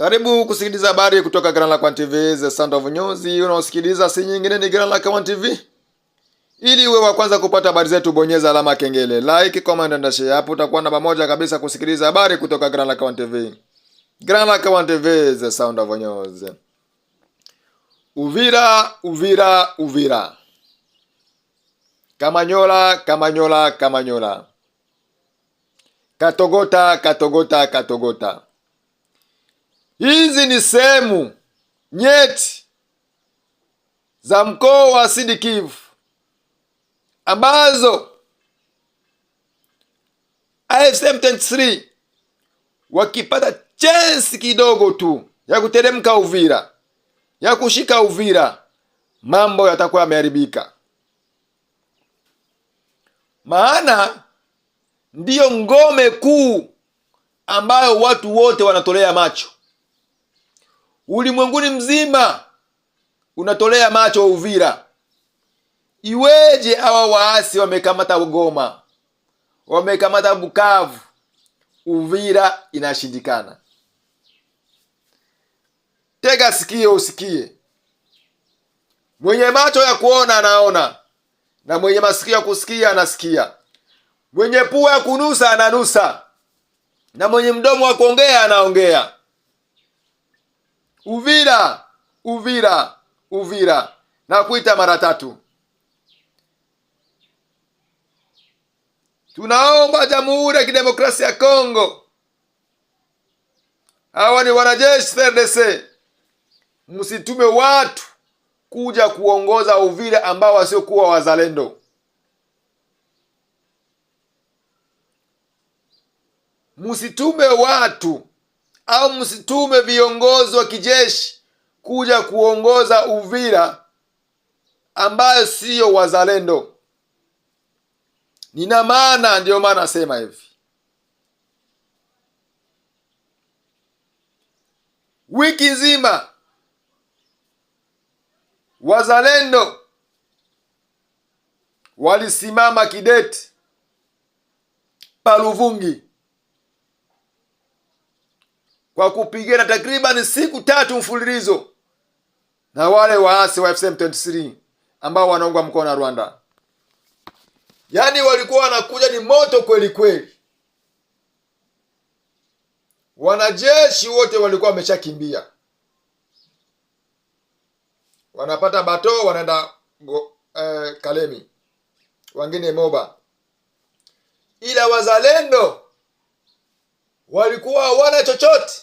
Karibu kusikiliza habari kutoka Grand Lac1 TV, the sound of news. Unaosikiliza si nyingine ni Grand Lac1 TV. Ili uwe wa kwanza kupata habari zetu, bonyeza alama kengele, like, comment and share. Hapo utakuwa na pamoja kabisa kusikiliza habari kutoka Grand Lac1 TV. Grand Lac1 TV, the sound of news. Uvira, Uvira, Uvira. Kamanyola, Kamanyola, Kamanyola. Katogota, Katogota, Katogota. Hizi ni sehemu nyeti za mkoa wa Sidikivu ambazo AFC M23 wakipata chansi kidogo tu ya kuteremka Uvira, ya kushika Uvira, mambo yatakuwa yameharibika, maana ndiyo ngome kuu ambayo watu wote wanatolea macho ulimwenguni mzima unatolea macho Uvira. Iweje hawa waasi wamekamata Goma, wamekamata Bukavu, Uvira inashindikana? Tega sikio usikie. Mwenye macho ya kuona anaona, na mwenye masikio ya kusikia anasikia, mwenye pua ya kunusa ananusa, na mwenye mdomo wa kuongea anaongea. Uvira, Uvira, Uvira, nakuita mara tatu. Tunaomba Jamhuri ya Kidemokrasia ya Kongo, hawa ni wanajeshi RDC, msitume watu kuja kuongoza Uvira ambao wasiokuwa wazalendo. Msitume watu au msitume viongozi wa kijeshi kuja kuongoza Uvira ambayo siyo wazalendo. Nina maana, ndiyo maana nasema hivi, wiki nzima wazalendo walisimama kidete paluvungi kwa kupigana takriban siku tatu mfululizo na wale waasi wa FCM 23 ambao wanaungwa mkono na Rwanda. Yaani walikuwa wanakuja ni moto kweli kweli. Wanajeshi wote walikuwa wameshakimbia, wanapata bato, wanaenda eh, Kalemi, wengine Moba, ila wazalendo walikuwa hawana chochote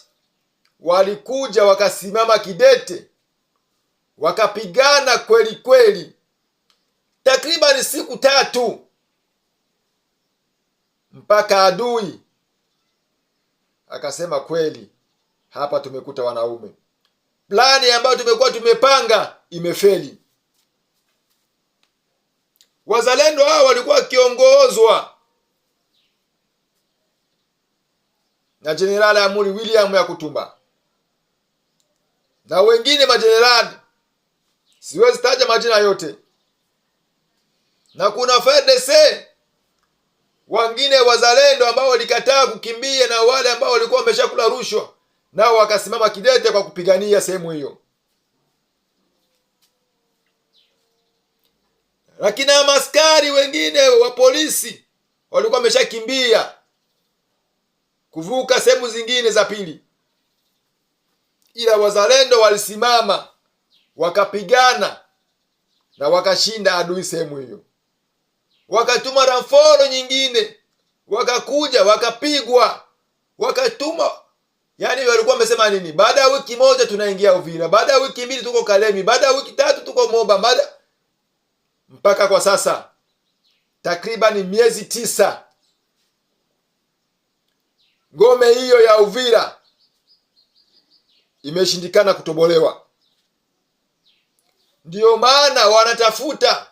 walikuja wakasimama kidete, wakapigana kweli kweli, takribani siku tatu mpaka adui akasema kweli, hapa tumekuta wanaume, plani ambayo tumekuwa tumepanga imefeli. Wazalendo hao walikuwa wakiongozwa na Jenerali Amuri William ya kutumba na wengine majenerali, siwezi taja majina yote, na kuna fdc wengine wazalendo ambao walikataa kukimbia na wale ambao walikuwa wameshakula rushwa, nao wakasimama kidete kwa kupigania sehemu hiyo. Lakini maskari wengine wa polisi walikuwa wameshakimbia kuvuka sehemu zingine za pili ila wazalendo walisimama wakapigana na wakashinda adui sehemu hiyo. Wakatuma ramforo nyingine, wakakuja wakapigwa, wakatuma yani, walikuwa wamesema nini? Baada ya wiki moja tunaingia Uvira, baada ya wiki mbili tuko Kalemi, baada ya wiki tatu tuko Moba, baada mpaka kwa sasa takribani miezi tisa, ngome hiyo ya Uvira imeshindikana kutobolewa. Ndiyo maana wanatafuta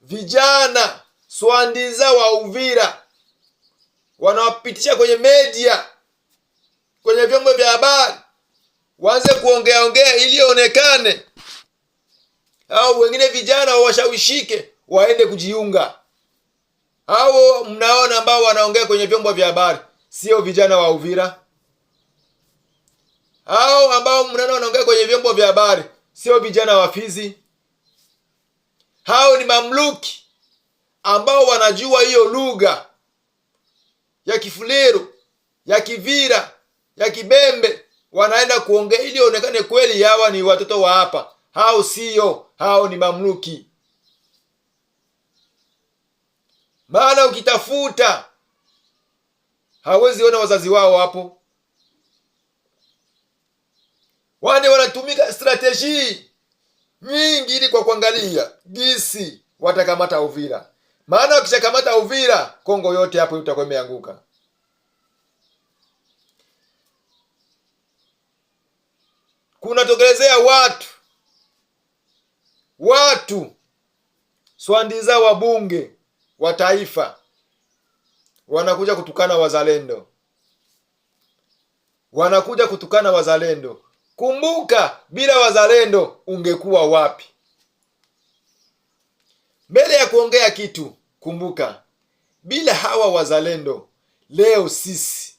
vijana swandiza wa Uvira, wanawapitisha kwenye media, kwenye vyombo vya habari, waanze kuongea ongea ili onekane au wengine vijana wawashawishike waende kujiunga. au mnaona ambao wanaongea kwenye vyombo vya habari sio vijana wa Uvira hao ambao mnaona wanaongea kwenye vyombo vya habari sio vijana wa Fizi. Hao ni mamluki ambao wanajua hiyo lugha ya Kifuliru, ya Kivira, ya Kibembe, wanaenda kuongea ili onekane kweli hawa ni watoto wa hapa. Hao sio, hao ni mamluki. Maana ukitafuta hawezi ona wazazi wao hapo wale wanatumika strateji nyingi ili kwa kuangalia gisi watakamata Uvira, maana wakishakamata Uvira, Kongo yote hapo itakuwa imeanguka. Kunatokelezea watu watu swandiza wabunge wa taifa wanakuja kutukana wazalendo, wanakuja kutukana wazalendo. Kumbuka, bila wazalendo ungekuwa wapi? Mbele ya kuongea kitu, kumbuka, bila hawa wazalendo leo sisi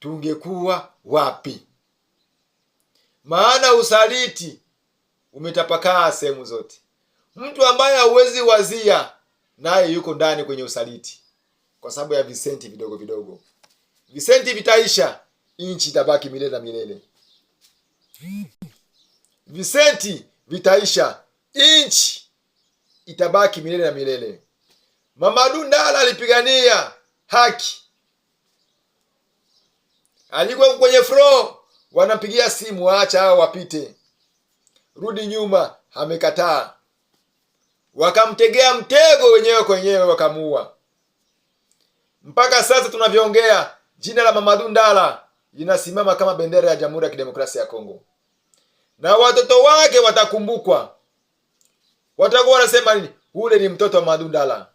tungekuwa wapi? Maana usaliti umetapakaa sehemu zote. Mtu ambaye hauwezi wazia naye yuko ndani kwenye usaliti, kwa sababu ya visenti vidogo vidogo. Visenti vitaisha, nchi itabaki milele na milele visenti vitaisha, nchi itabaki milele na milele. Mamadu Ndala alipigania haki, alikuwa kwenye fro, wanampigia simu, acha hao wapite, rudi nyuma, amekataa. Wakamtegea mtego wenyewe kwenyewe, wakamuua. Mpaka sasa tunavyoongea, jina la Mamadu Ndala inasimama kama bendera ya Jamhuri ya Kidemokrasia ya Kongo, na watoto wake watakumbukwa, watakuwa wanasema nini? Ule ni mtoto wa Madundala,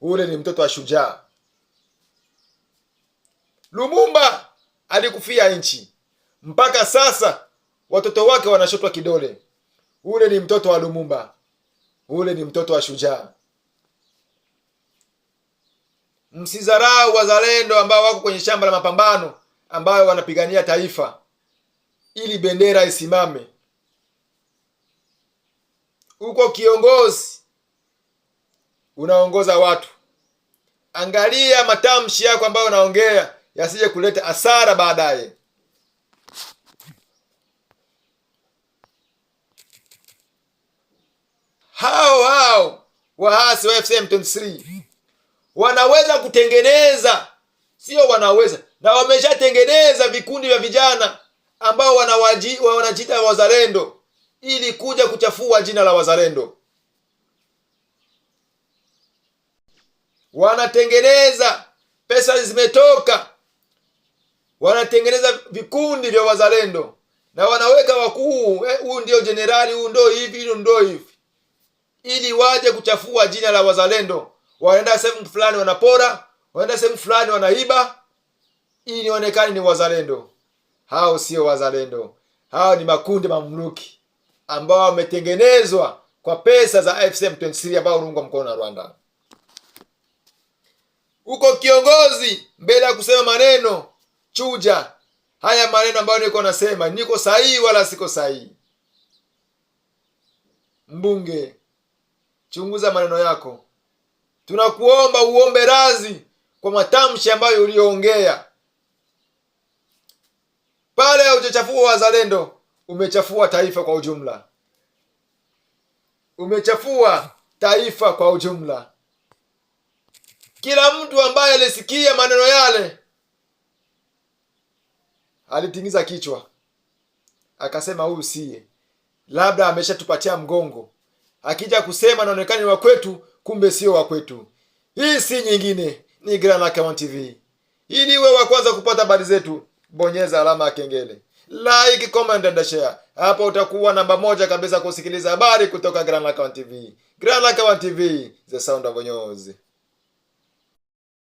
ule ni mtoto wa shujaa. Lumumba alikufia nchi, mpaka sasa watoto wake wanashotwa kidole, ule ni mtoto wa Lumumba, ule ni mtoto wa shujaa. Msizarau wazalendo ambao wako kwenye shamba la mapambano ambayo wanapigania taifa ili bendera isimame. Uko kiongozi unaongoza watu, angalia matamshi yako ambayo unaongea yasije kuleta hasara baadaye. Hao hao waasi wa fm 3 wanaweza kutengeneza sio wanaweza, na wameshatengeneza vikundi vya vijana ambao wanajita wazalendo ili kuja kuchafua jina la wazalendo. Wanatengeneza, pesa zimetoka, wanatengeneza vikundi vya wazalendo na wanaweka wakuu, huyu eh, ndio jenerali, huyu ndio hivi, huyu ndio hivi, ili waje kuchafua jina la wazalendo. Wanaenda sehemu fulani wanapora wanaenda sehemu fulani wanaiba ili nionekane ni wazalendo. Hao sio wazalendo, hao ni makundi mamluki ambao wametengenezwa kwa pesa za AFC 23 ambao unaungwa mkono na Rwanda. Uko kiongozi mbele ya kusema maneno chuja haya maneno ambayo niko nasema, niko sahihi wala siko sahihi? Mbunge, chunguza maneno yako, tunakuomba uombe razi kwa matamshi ambayo uliyoongea pale. Haujachafua wazalendo, umechafua taifa kwa ujumla, umechafua taifa kwa ujumla. Kila mtu ambaye alisikia maneno yale alitingiza kichwa akasema, huyu siye, labda ameshatupatia mgongo, akija kusema naonekana wa kwetu, kumbe sio wa kwetu. Hii si nyingine ni Grand TV. Ili wewe wa kwanza kupata habari zetu, bonyeza alama ya kengele, like, comment and share. Hapa utakuwa namba moja kabisa kusikiliza habari kutoka Grand Account TV. Grand TV, the sound of news.